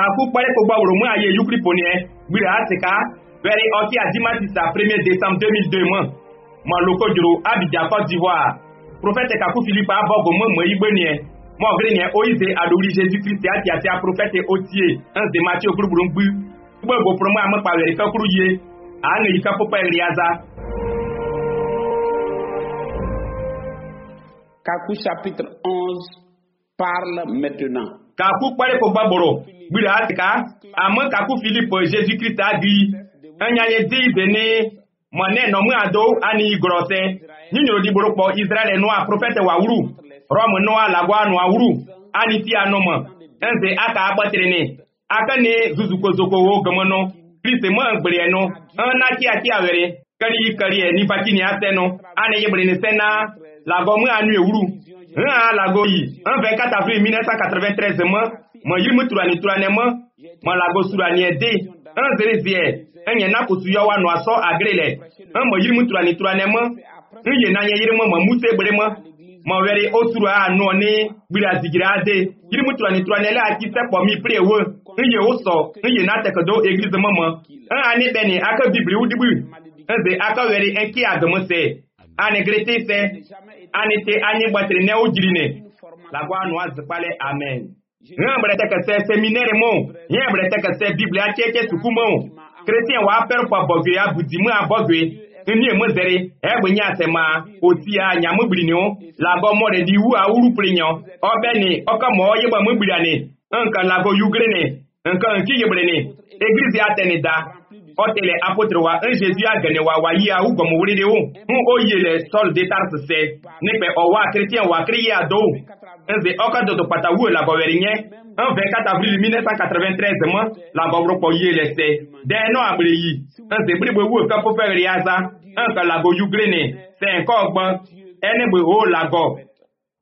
ka akpụkparịkpụ gbanwere onwe anyị eyukripone gbiri asị ka beri ọki ajimatisa premier desam demil dema maloko jụrụ abidjan cote d'ivoire profete kaku filipe abọgo mmemme igbenie maọgịrịnye oize adori jesu kristi atiatia profete otie nze machi okpurugburu mgbu ụgbọ egwopụrụ mma amụkpawere kekwuru yie a na-eyika pụpa eri aza Kaku chapitre onze parle maintenant kaku kpere ko gbagboro gbiri atika ame kaku filipo jesu kristo agri enyanye di ibe ni mone nɔmu ado ani igrɔsɛ nyonyoro di boro kpɔ israɛl nua profɛte wa wuru rɔmu nua lagua nua wuru ani ti a ɛnze aka akpɔtiri ni aka ni zuzukozoko wo gɔmɔ nɔ kristu mɔ ɛgbere nɔ kia kia wɛrɛ kari kari e, ni asɛ ni sɛ na lagɔmu anu ewuru lago yi n vɛ quatre avril mille neuf cent quatre vingt treize me me turani turani me me lago suraniɛ de n ziri ziɛ n yɛ nakutu yɔ wa nɔ asɔ agre lɛ n me yirimu turani turani me n yɛ na yɛ yirimu me muse gbere me me wɛri o turu a nɔ ne gbira zigiri a de yirimu turani turani lɛ ati sɛ kpɔ mi pere wo n yɛ o sɔ n yɛ na tɛkɛ do eglize me me n ani bɛ ni aka bibiri wudibu n ze aka wɛri n kia gɔmɔ anite anyi gbatiri ne ojiri ne lagwa anu azikpale amen hɛn bɛrɛtɛ kɛsɛ seminɛri mo hɛn bɛrɛtɛ kɛsɛ biblia tsetse suku mo kerecɛn wa pɛrɛ kɔ bɔgɔe abudi mu abɔgɔe eni emu zɛri ɛgbɛ nye asɛma otia nyamugbiri ni o labɔ mɔ de di wu awurupiri nyɔ ɔbɛ ni ɔkɔmɔ yebɔ mugbiri ani nkan labɔ yugire ni nkan nki yebire ni egilizi atɛ ni da otele apotre wa n jésus agene wa wa yia wu gɔmowuride wo n o ye le sɔl de tarse sɛ ne kpɛ ɔ wa chrétien wa a do nze ɔ e ka dodo kpata e wu la bɔwɛri nyɛ n vɛ kata avril 1993 mɔ la bɔwuro kpɔ ye le sɛ dɛ nɔ agble yi nze blibo wu ka fofɛ ɣri aza n ka lago yugrene sɛ nkɔ gbɔ ɛne gbe o lagɔ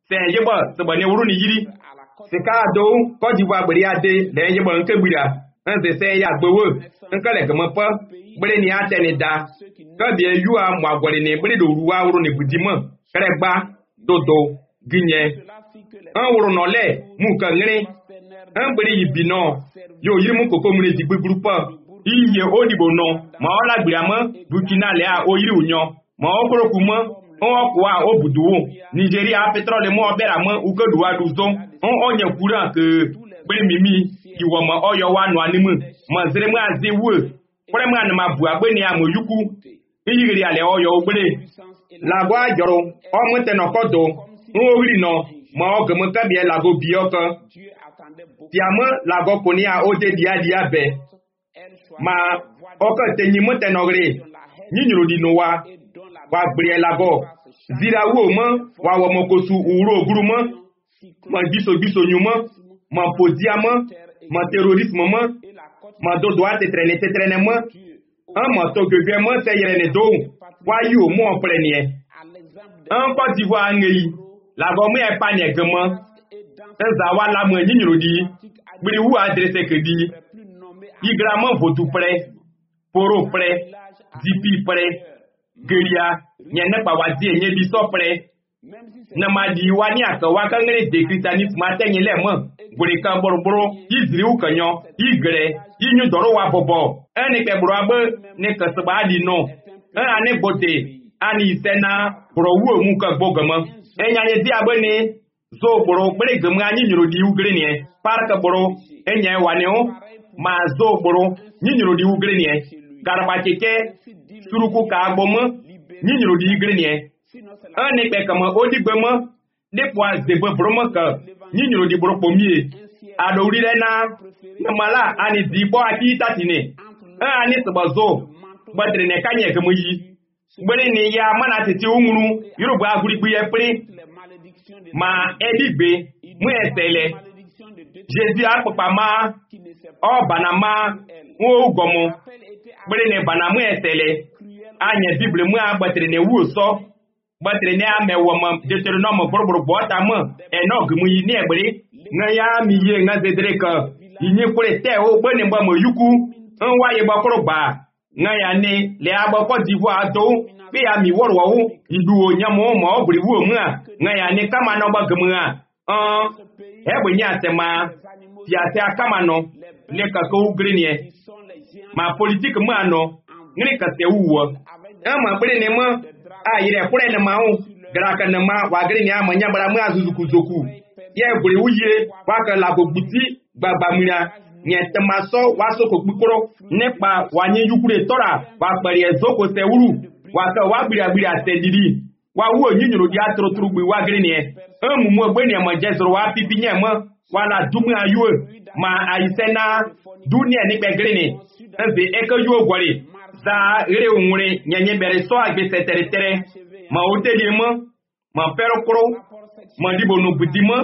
sɛ yegbɔ sebɔ ne wuru ni yiri sika do kɔdibu agbere ade lɛ yegbɔ nke gbira nzese ya gbewo nke le geme ƒe kple ni ate ni da ke bie yua mo agɔle ne bli ɖo ruwa woro ne budi me kre gba dodo ginye eworo nɔ lɛ mu ke ŋli ebli yi bi nɔ yo yiri mu koko mu ne di gbigblu ƒe iye o ɖibo nɔ mɔwo la gblia me burkina lea o yiri wonyɔ mɔwo koroku me wọn kò wá ó bùdó wò nigeria pétrole mọ ọbẹ làmọ ukedu wa dùn tó ń ọnyẹ kúrò àkè pé mímí iwọ ma ọyọ wa nọ anịmụ ma zere mụ azị wuo kwere mụ anị ma bụ agbe na ya ma oyukwu iyiri ala ọyọ ogbere lagọ ajọrọ ọmụte nọkọdụ nwa oriri nọ ma ọ gọmụ kabịa lagọ bi ọkọ tiamụ lagọ kwụ ya ode dị adị ya be ma ọkọ tenyi mụte nọgịrị nyinyoro dị n'ụwa wa gbere lagọ zira wo mọ wa wọmọkosu uru oguru mọ ma gbiso gbiso nyu mọ ma podia mọ mă terorismă mă, mă do doate trene te trene mă, mă to gege mă te irene do, wa yo mă prenie. În Côte d'Ivoire ngei, la vă mă e panie că mă, eza wa la mă ni nyiro di, dit. wu adrese că di. Igra mă votu pre, poro pre, dipi pre, geria, nye ne pa wa di e nye biso pre, nama ɖi wa ní akɛwa keŋle de kristianisme ate nyi lɛ mɔ gbɔɖe kan boroboro yi ziri wu ke nyɔ yi gre yi nyu dɔ ɖo wa bɔbɔ ene kpɛ gblɔa be ne kese ba aɖi nɔ ena ne gbote ani ise na gblɔ owu emu ke gbɔ geme enya ne di abe ne zo gblɔ kple geme anyi nyoro ɖi wu gre nie park gblɔ enya wa ma zo gblɔ nyi nyoro ɖi wu gre nie garaba suruku ka gbɔ me nyi nyoro ɖi gre nie. un kama wo digbe me ne ƒo azebe vro me ke nyi nyro di boro kpo mie aɖo wli ɖe na neme la ani di bɔ ati tati nɛ e ani sebe zo gbe dre ne ka nye geme yi gbe ne ne ya mana tete wo ŋunu yorogbe aguligbe ya pli ma edigbe e mu ese le jesu akpɔkpa ma ɔ bana ma ŋu wo gɔmɔ gbe ne bana mu ese le anya bible mu agbetri ne wu sɔ. gbasiri ne ame wɔme dzotserinɔme bɔrɔbɔrɔbɔ tame enɔ gemu yi ne egbeli ŋe ya mi ye ŋe zedere ke yi nye kple te wo be ne be me yuku ŋwa ye gbɔ koro gba ya ne le abɔ kɔ di vɔ ato pe ya mi wɔrɔ wo idu wo nye mo ma wo bli wu o ŋa ya ne kama nɔ be gemu ɔn egbe nye asema fiase akama nɔ le keke wo gri neɛ ma politiki me anɔ ŋri kese wu wɔ ema gbe ne me a yi rɛ kura ne ma wo gara ka ne ma wa gari ne ama nyabara mu azuzuku zoku yɛ bori wuye wa ka labogbuti gbagbamira nye temasɔ wa soko kpikoro nekpa wa nye yukure tɔra wa kpɛrɛ zoko sɛ wuru wa ka wa gbiragbira sɛ didi wa wo nyinyoro di atorotoro gbe wa gari ne emumu egbe ne ma jɛ zoro wa pipi nye ma wa la dumu ayoe ma ayisɛ na du ne gari ne eze eke yoe gɔri za rewure nyenye bere so agbe setere tere ma o tede mo ma fero kro ma dibo no budi mo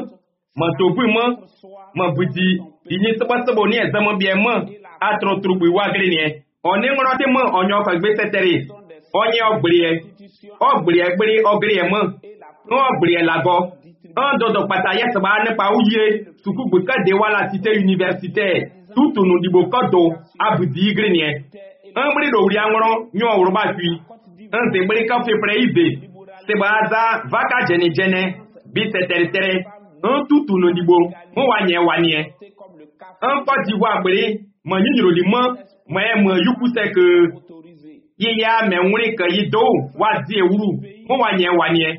ma to bu mo ma budi inyi sebo sebo ni eze mo A mo atro trugbu wa gre ni oni ngro te mo onyo fa gbe setere onye ogbiri e ogbiri egbiri ogiri e mo no ogbiri la lago un dodo pata yes ba ne pa uye sukugbu ka de wala cité universitaire tutu no dibo kodo abudi igre ni an buri da wuri an wurin yawan wuri ba fi an sai buri kan fefere ibe sai ba vaka jene jene bi se tere tere an tutu no dibo mo wa nye wa nye an pa di wa buri mo yin yoro limo mo yuku se ke ye ya me ke yi do wa di ewuru mo wa nye wa nye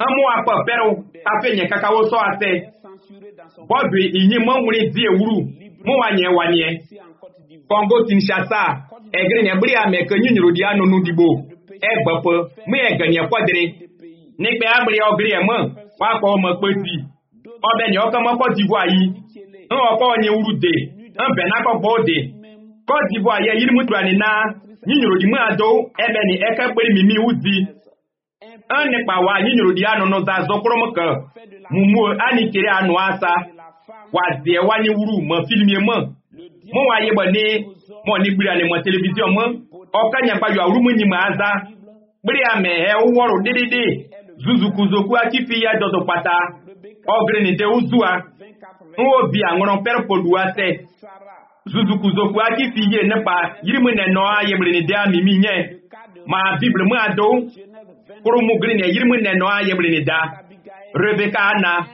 an mo wa pa pero afe nye kaka wo so ase bọ́ọ̀dù ìyín mọ́ wuri di ewuru mo wa nye wa nye Congo Kinshasa egenye bri ame ke ekenye nyoro di anụ n'udigbo egbapụ ma egenye kwadịrị n'ikpe agbịrị ọgịrị eme wakpọ mkpesi ọbenye ọkamakọ dịgwayi nhọkọ onye wuru de mbe na akọkọ de Côte d'Ivoire ye yiri mutu ani na nyinyoro di mu ado ebe ni eke kpere mimi uzi ani pa wa nyinyoro di anu no za zo koro mka mumu ani kere anu asa wa de wa ni wuru mo filmi mo mo wa ye ni mo ni gbira ne mo television mo okanya pa yo arumu ni maza gbira me he woro zuzukuzoku akifi ya dodo pata ogre ni te uzua nwo bi anworo perpolu ase zuzukuzoku akifi ye nepa yirimu ne no ni de amimi nye ma bible mu ado kurumu gri ne yirimu ne no ayemre ni da rebeka na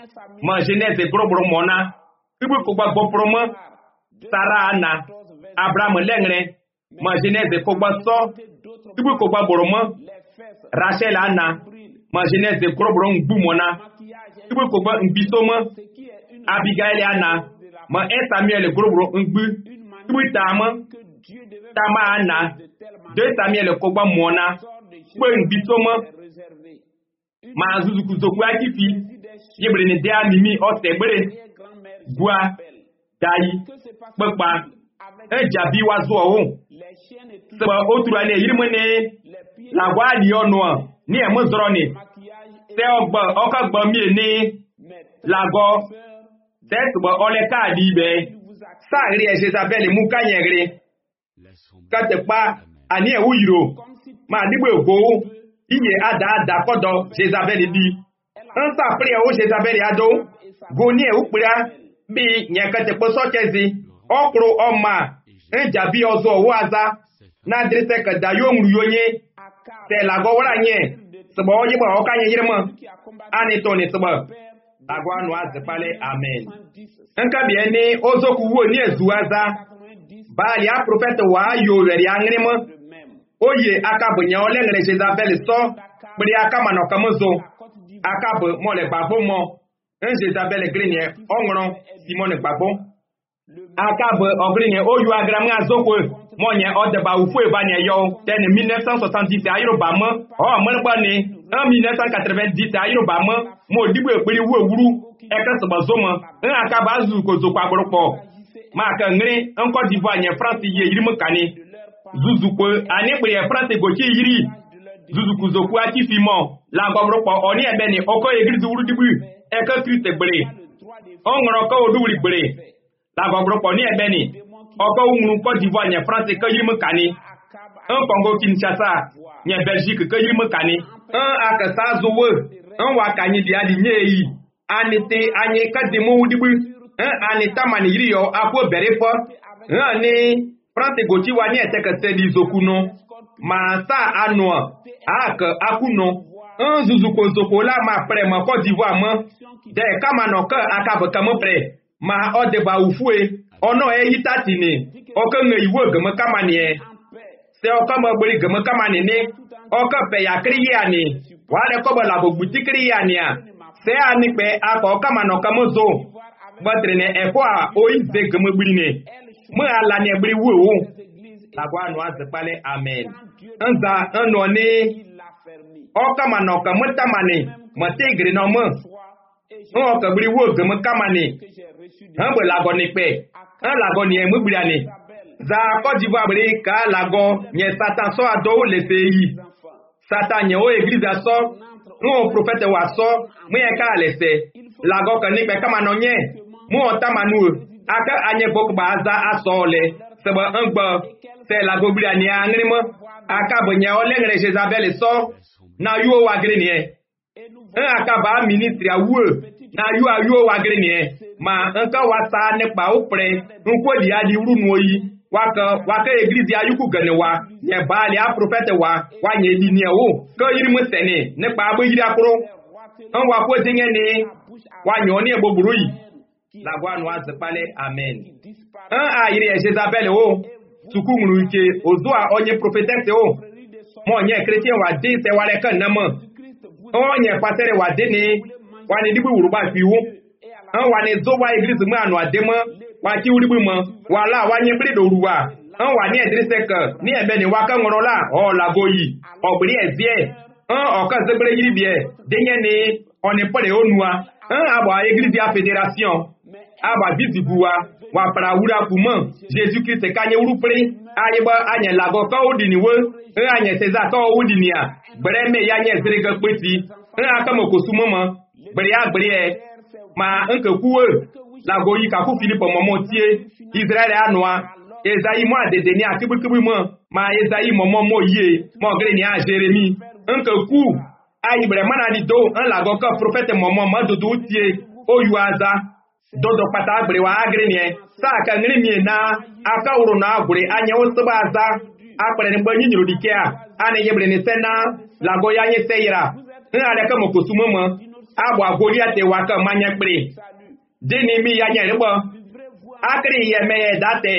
ma genèse boroboro mona ibu ko gba gbo promo sara na Abraham lengre ma Genèse kogba so tupu kogba boro mo Rachel ana ma Genèse koroboro ngbu mo na tupu kogba ngbiso mo Abigail ana ma Samuel koroboro ngbu tupu ta mo Tama ana de Samuel kogba mo na ibu ngbiso mo ma azuzuku zokwu akifi yebere de amimi ejabiwa zuwa hun saba otura ne yirmi ne lagwali ọnụa ni emu zọrọ ni se ọka gbọ mie ni lagọ se saba ọlẹ kaadị ibe saari ẹsẹsabẹli mú kányẹrẹ kátẹpá àní ẹwú yìrò máa dígbò èkó iye àdáadà kọdọ ṣẹsabẹli di ń sàpẹrẹ ẹwú ṣẹsabẹli adó go ní ẹwú pẹrẹ bí yẹn kẹtẹpọ sọkẹsì ọ kwụrụ ọma njabi e ọzọ wu aza na-adịrịta ka dayo nwuru ya onye tela gọwara anyị sịgba onye gba ọka anyị yiri m anyị tọni sịgba agwa nụ azịkpali amen nka bịa ni ozoku wuo ni ezu aza baali a profeta wa yo rere aṅịrị m oye aka bụ nye ole ṅere jezabel sọ kpere aka mana ọkamụzụ aka bụ mọle gbagbo mọ njezabel grin ọ ṅụrụ simon gbagbo aka bụ ọgrinye oyu agramga zokwe monye ọdaba ufu ebanye yo ten 1970 ayụrụba m ọmụgbani na 1990 ayụrụba m ma odigbo ekpere wu owuru ekesọgbazom nha aka bụ azụ ukozokwa gbụrụkpọ maka nri nkọdivu anyị france yi yiri m kani zuzukwe anyị kpere france gochi yiri zuzukuzokwu achifimo la gbagbrụkpọ ọni ebeni ọkọ egrizi wuru digbu eke krite gbere ọ ṅụrụ ọkọ oduwuri gbere la gɔgblɔkpɔ ne ɛbɛ ne ɔkɔ ŋunu kɔ divoire nye france ke yi me ka ne n kɔngo kinshasa nye belgique ke yi me ka ne n akesa zowe n wa ka nyi dia di nye eyi anete anyi kade mo wudigbi n aneta mani yiri yɔ akwo bɛre fɔ n ne france goti wa ne ɛtɛkɛsɛ di zoku no ma sa anoa ak akuno n zuzukozoko la ma prɛ mɔ kɔ divoire mɔ de kamanɔ ke akabekame prɛ ma ọ dịba ufue ọnụ eyi tatini ọka ṅa iwu gama kamani e. se ọka magbori gama kamani ni ọka pe ya kiri wale kọba la bo gbuti kiri ya ni a se a ni pe aka ọka ma nọka mo zo gbatiri ne ẹkọ a oyi ze gama gbiri ne mo ala ni egbiri wu ewu lagwa azị kpali amen nza nnọ ni ọka ma nọka mo tamani mo te na mo n ọka gbiri wu gama kamani hã bɛ lagɔ ne pɛ hã lagɔ ne mugblia ne za Côte d'Ivoire bere ka lagɔ nye satan sɔ adɔwo le se yi satan nye wo eglise sɔ ŋo prophète wa sɔ mo yɛ ka le se lagɔ ke ne pɛ kama nɔ nye mo wɔ tama nu aka anye gbɔ ba za asɔ le sebe ŋgbɔ sɛ lagɔ blia ne aŋri mɔ aka be nyawo le ŋre Jezabel sɔ na yiwo wa gre ne hã aka ba ministre awu na yiwo ayiwo wa gre ne ma nka wata nekpa ukpere nkwoli ya di runu waka waka egrizi ayuku gane wa nye baali a profete wa wanye di ni ewo ko yiri mu sene nekpa agbo yiri akuru n wa ko tinye ni wanye oni egbogburu yi lagwanu azikpale amen n a yiri ezezabel o tuku ŋuru ike ozu a onye profetete o mo nye chrétien wa de se wale kan na onye pasere wa de ni wani digbu wuruba fi wo an wa ne zo wa eglise mɛ anɔ ade mɔ wa ti wuli bi mɔ wa la wa nye bili ɖoɖu wa an wa ne ɛdrise ke ne ɛbɛ ne wa ke ŋlɔ la ɔ la go yi ɔgbeli ɛviɛ an ɔke zegbele yiri biɛ denye ne ɔne pɔle o nua an abɔ eglise federation abɔ bizibu wa wa para wura kumɔ jesu kristu ka nye wuru pere ayi bɔ anye lagɔ kɔ wo dini wo e anye seza kɔ wo dinia gbɛrɛ me ya nye zerege kpeti e akɔmɔ kosu mɔmɔ gbɛrɛ ya gbɛrɛ ma nke kwuwe lago yi ka fu filipo mɔmɔ tie israɛl anua ezayi mɔ adede ni akibikibi mɔ ma ezayi mɔmɔ mɔ yie mɔ gere ni a jeremi nke ku ayibere mana ni do ŋlagɔ ke profɛte mɔmɔ mɔdodo tie oyu aza dodo pata agbere wa agere ni saa ka ŋri mie na aka wuro na agbere anyawo sebe aza akpere ni gbe nyinyiro dikea ana yebere ni sena lago ya nye seyira ŋa ɖeke mɔ kosu mɔmɔ agwagworia tewa ke manye kpli dini mi ya nye rebo akri ye me ye date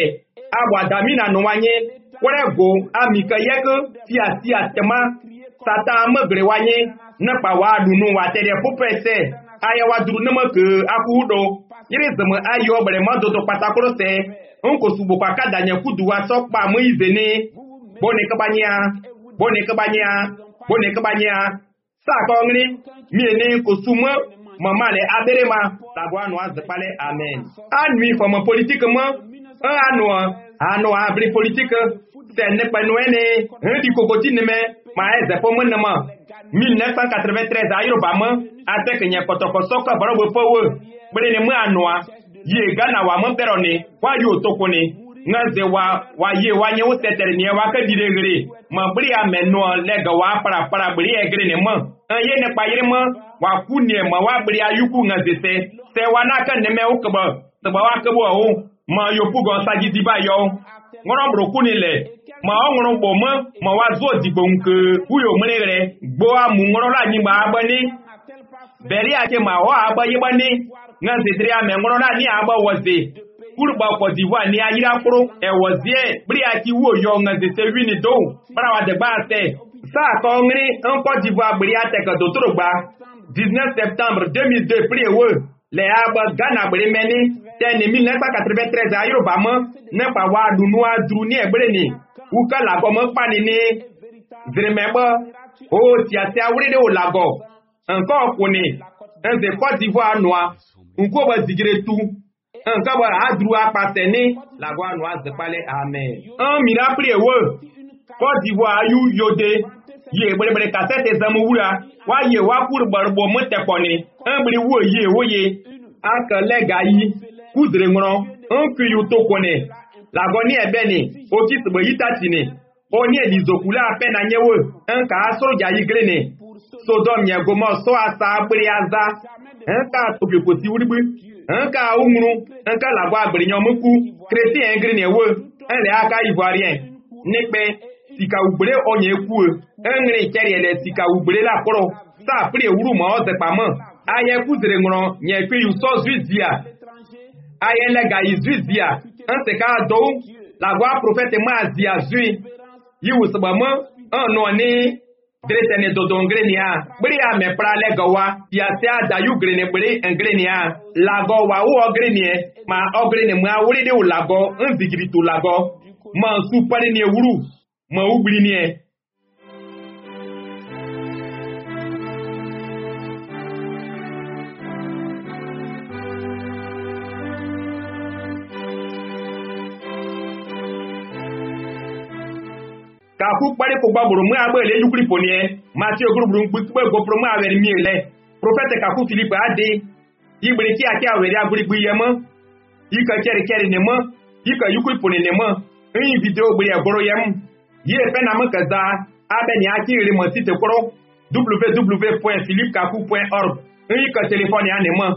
agwadami na nuwanye kwere go amike yeke fia sia tema sata megre wanye nekpa wa dunu wa tere pupese aya wa duru ne meke aku udo yiri zeme ayo bere madodo patakoro se nkosu gbokwa kadanye kudu wa sokpa mu izene bone kebanya bone kebanya bone kebanya sakɔŋri miene ni kosumɔ mɔma le abere ma tabo anɔ azekpa le amen anui xɔme politike mɔ e anɔ anɔ abri politike tɛ nekpɛnɔɛ ne heɖi kokoti ne mɛ ma ɛzɛ ƒome ne mɔ 1993 ayoruba mɔ ate ke nye kɔtɔkɔsɔ kɔ bɔrɔbɔ ƒe wo kple ne mɔ anɔa ye ghana wa mɔ bɛrɛ ne wa yɔ toko ne ŋeze wa wa ye wa nye wo tɛtɛrɛ ne wa ke ɖi ɖe ɣe ma bri ame nɔ lɛ gɛ wa kpara kpara bri ɛgre ne mɔ an ye ne kpayirima wa ku nema wa bri ayuku nga zese se wa na ka neme wo kaba taba wa kaba wo ma yopu gon saji diba yo ngoro bro ku ni le ma o ngoro bo mo ma wa zo digbo nke ku yo mre gbo amu ngoro la ni ba abani beri ake ma o aba yi bani nga zedri ame ngoro la ni aba woze kurba ko diwa ni ayira kuro e woze bri aki wo yo nga zese wini do para wa de ba se saa atọ ŋri ŋkɔ dzivu agbeli atɛkɛ dotrogba 19 septembre 2002 pli ewo le agbe ghana agbeli mɛni tɛ 1993 1993 ayoruba mɔ ne kpa wa ɖunu adru ni egbeli ni wuke le agɔ me kpa ni ni zirime be o tiatia wli ɖe wo le agɔ ŋkɔ ko ni ŋze kɔ dzivu anɔa ŋkuwo be zigire tu ŋkɔ be adru akpasɛ ni le agɔ anɔa zekpa le ame ŋ mi la pli ewo kɔ dzivu ye bere kasete zamu wura wa ye wa kurbar bo mu tekoni an bere wo ye wo ye aka lega yi kudre ngro an ku yu tokone la goni ebe ni o ki tbo yi tati ni o ni elizokula ape na nyewo an ka asoro ja yi gre ni sodom ye gomo so asa agbere aza an ka tokeko ti wuri an ka umru an ka lagwa agbere nyomuku kreti en gre ni ewo en le aka ivoirien nipe sikawugbere onye kwuo eṅri keriele sikawugbere la kpọrọ saa pli ewuru ma ọ zekpamọ ahịa kwuziri ṅụrọ nye kpiri ụsọ zuizia ahịa elegaghị zuizia ntị ka adọw lagwa profeti maazi azui yiwu sịgbamọ ọnụ ni dretene dodo ngreni a kpiri ya mepra legowa yasi adayu greni kpiri ngreni a lagowa wụọ greni ma ọ greni ma wuri dị ụlagọ nzigirito lagọ ma nsụ kpari ni ewuru mweublinie ka akwu kparịkụ gbagburu mụ agba ele yukuri ponie o ogorugburu mgbu kpe gopụrụ mụ awere miele profeta kakwu filipe adị igbere ki aki awere agburigbu ihe mụ ike kerikeri na mụ ike yukuri ponie na mụ nyi vidio ogbere agworo e ya mụ Yeye ƒe namekaza abe niachi irimotite kwụrụ www.philipkaku.org nri ka telefoni a na-eme